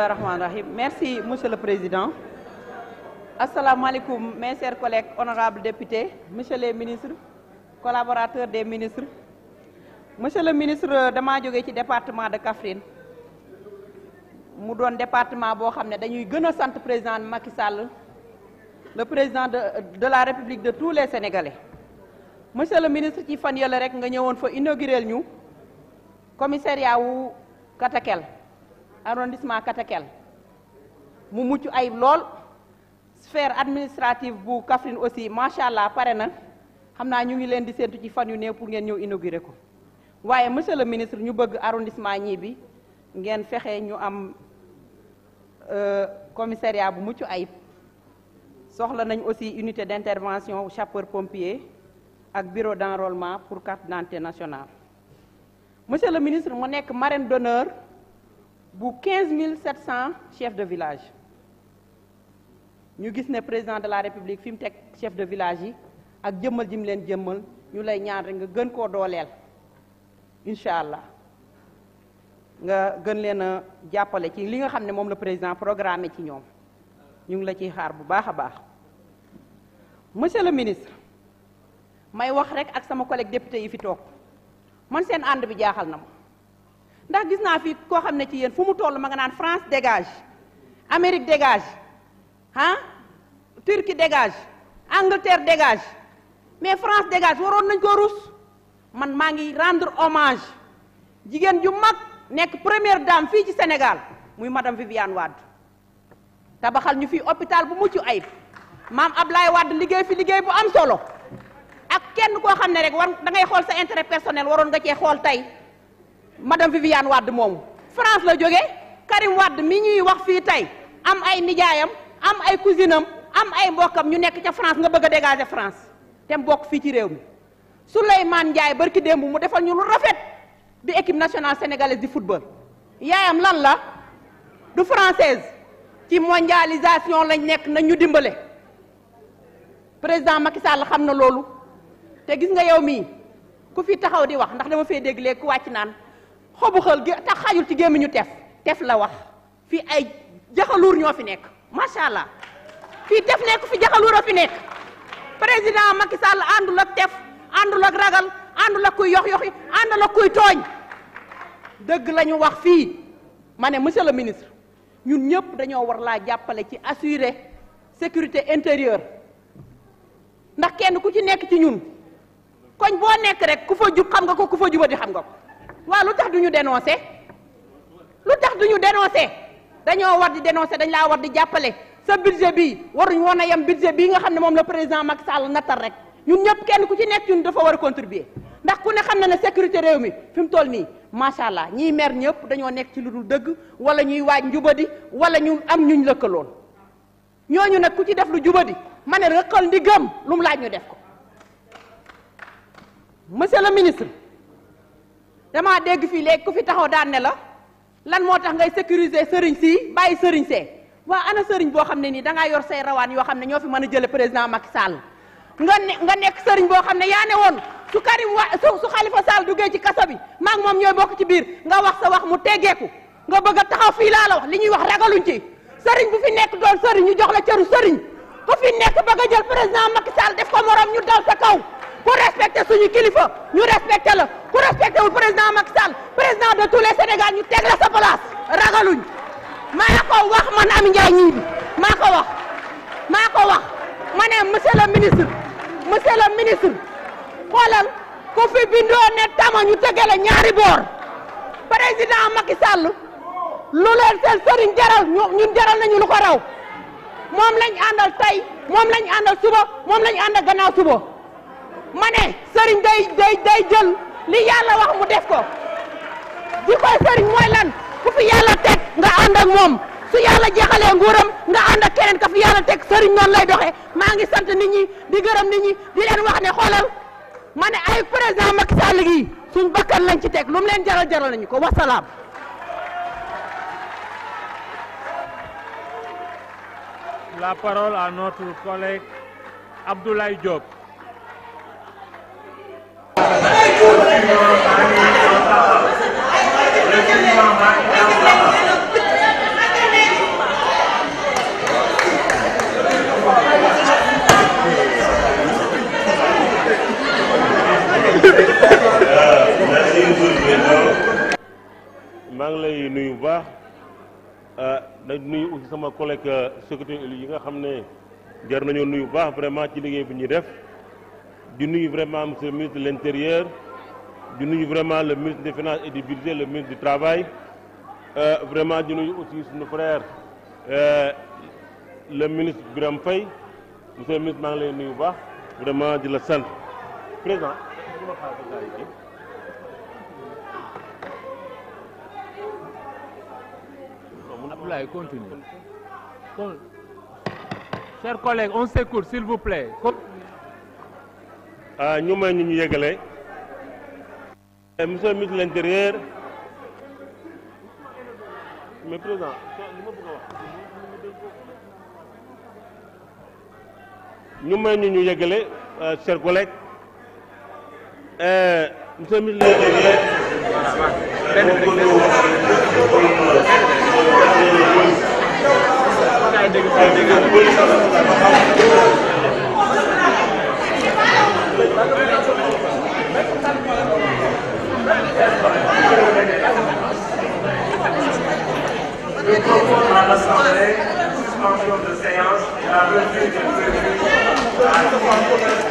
bismillah rahmaani merci monsieur le président asalaamaaleykum mes chers collègues honorables députés monsieur les ministres collaborateurs des ministres monsieur le ministre damaa jóge ci département de Kaffrine mu doon département boo xam ne dañuy gën a sant président Macky Sall le président de de la république de tous les sénégalais monsieur le ministre ci fan yële rek nga ñëwoon fa inaugurel ñu commissariat wu Katakel arrondissement Katakel mu mucc ayib lool sphère administrative bu Kaffrine aussi macha allah pare na xam naa ñu ngi leen di séntu ci fan yu néew pour ngeen ñëw inaugurer ko waaye monsieur le ministre ñu bëgg arrondissement ñii bi ngeen fexe ñu am euh, commissariat bu mucc ayib soxla nañ aussi unité d'intervention chapeur pompier ak bureau d'enrôlement pour quart d'identité nationale monsieur le ministre mu nekk marraine d'honneur bu 15 700 chefs de village ñu gis ne président de la république fi mu teg chef de village yi ak jëmmal jim leen jëmmal ñu lay ñaan rek nga gën koo dooleel incha allah nga gën leen a jàppale ci li nga xam ne moom la président programme ci ñoom ñu ngi la ciy xaar bu baax a baax monsieur le ministre may wax rek ak sama collègue député yi fi toog man seen ànd bi jaaxal na ma. ndax gis naa fii koo xam ne ci yéen fu mu toll ma nga naan France dégage Amérique dégage ah Turquie dégage Angleterre dégage mais France dégage waroon nañ ko rus man maa ngi rendre hommage jigéen ju mag nekk première dame fii ci Sénégal muy madame Viviane Wade tabaxal ñu fii hôpital bu mucc ayib maam Ablaye Wade liggéey fi liggéey bu am solo ak kenn koo xam ne rek war da ngay xool sa intérêt personnel waroon nga cee xool tey madame Viviane Wade moomu France la jóge Karim Wade mi ñuy wax fii tey am ay nijaayam am ay cousinam am ay mbokkam ñu nekk ca France nga bëgg a dégager France te mbokk fii ci réew mi Souleymane Ndiaye barki démb mu defal ñu lu rafet bi équipe nationale sénégalaise di football yaayam lan la du française ci mondialisation lañ nekk nañ ñu dimbale président Macky Sall xam na loolu te gis nga yow mii ku fi taxaw di wax ndax dama fee dégg léegi ku wàcc naan xobu xël gi tax xajul ci gémmiñu tef tef la wax fii ay jaxaluur ñoo fi nekk macha allah fii tef nekk fi jaxaluur a fi nekk président Macky Sall àndul ak tef àndul ak ragal àndul ak kuy yox yox yi àndul ak kuy tooñ dëgg la ñu wax fii ma ne monsieur le ministre ñun ñëpp dañoo war laa jàppale ci assurer sécurité intérieur ndax kenn ku ci nekk ci ñun koñ boo nekk rek ku fa jub xam nga ko ku fa jubati xam nga ko waaw lu tax du ñu dénoncé lu tax duñu ñu dañoo war di dénoncé dañ laa war di jàppale sa budget bi waruñ woon a yem budget bii nga xam ne moom la président Macky Sall nattal rek ñun ñëpp kenn ku ci nekk ñun dafa war a contribuer ndax ku ne xam na ne sécurité réew mi fi mu toll nii macha allah ñiy mer ñëpp dañoo nekk ci lu dul dëgg wala ñuy waaj njubadi wala ñu am ñuñ lëkkaloon ñoo ñu nag ku ci def lu jubadi ma ne rëqal ndigam lu mu laaj ñu def ko monsieur le damaa dégg fii léegi ku fi taxaw daan ne la lan moo tax ngay sécuriser sëriñ si bàyyi sëriñ see waa ana sëriñ boo xam ne nii dangaa yor say rawaan yoo xam ne ñoo fi mën a jële président Macky Sall nga ne nga nekk sëriñ boo xam ne yaa ne woon su Karim wa su Khalifa Sall duggee ci kaso bi maa ngi moom ñooy bokk ci biir nga wax sa wax mu teggeeku nga bëgg a taxaw fii laa la wax li ñuy wax ragaluñ ci sëriñ bu fi nekk doon sëriñ ñu jox la cëru sëriñ ku fi nekk bëgg a jël président Macky Sall def ko morom ñu dal sa kaw ku respecté suñu kilifa ñu respecté la ku respecté président Macky Sall président de tous Sénégal ñu teg sa place ragaluñ maa ko wax man Amy Ndiaye ñii maa ko wax maa ko wax ma ne ministre monsieur ministre xoolal ku fi bindoo ne tama ñu tegale ñaari président Macky Sall lu leen seen sëriñ jaral ñun jaral nañu lu ko raw moom lañ àndal tey moom lañ àndal suba moom lañ àndal gannaaw suba ma ne sëriñ day day day jël li yàlla wax mu def ko di koy sëriñ mooy lan ku fi yàlla teg nga ànd ak moom su yàlla jeexalee nguuram nga ànd ak keneen ka fi yàlla teg sëriñ noonu lay doxee maa ngi sant nit ñi di gërëm nit ñi di leen wax ne xoolal ma ne ay président Macky Sall yi suñ bakkan lañ ci teg lu mu leen jaral jaral nañu ko wasalaam. maa ngi lay nuyu bu baax na ah, nuyu aussi sama collègue euh, secrétaire élu yi nga xam ne jar nañoo nuy bu baax vraiment ci liggéey bi ñuy def di nuyu vraiment muse le ministre du l' di nuyu vraiment le ministre des finances et du budget le ministre du travail euh, vraiment di nuyu aussi suñu frère euh, le ministre Birame Faye monsieur le ministre maa ngi lay nuyu bu baax vraiment di la sant président 조금만 봐보자 이게. continue. Donc, chers collègues, on s'écoute, s'il vous plaît. Ah, ñu may ñu ñu yëgale eh, monsieur le ministre de l'intérieur mais président ñu may ñu ñu yëgale euh, chers collègues monsieur le ministre Le concours à l'Assemblée, suspension de séance, la revue des prévus à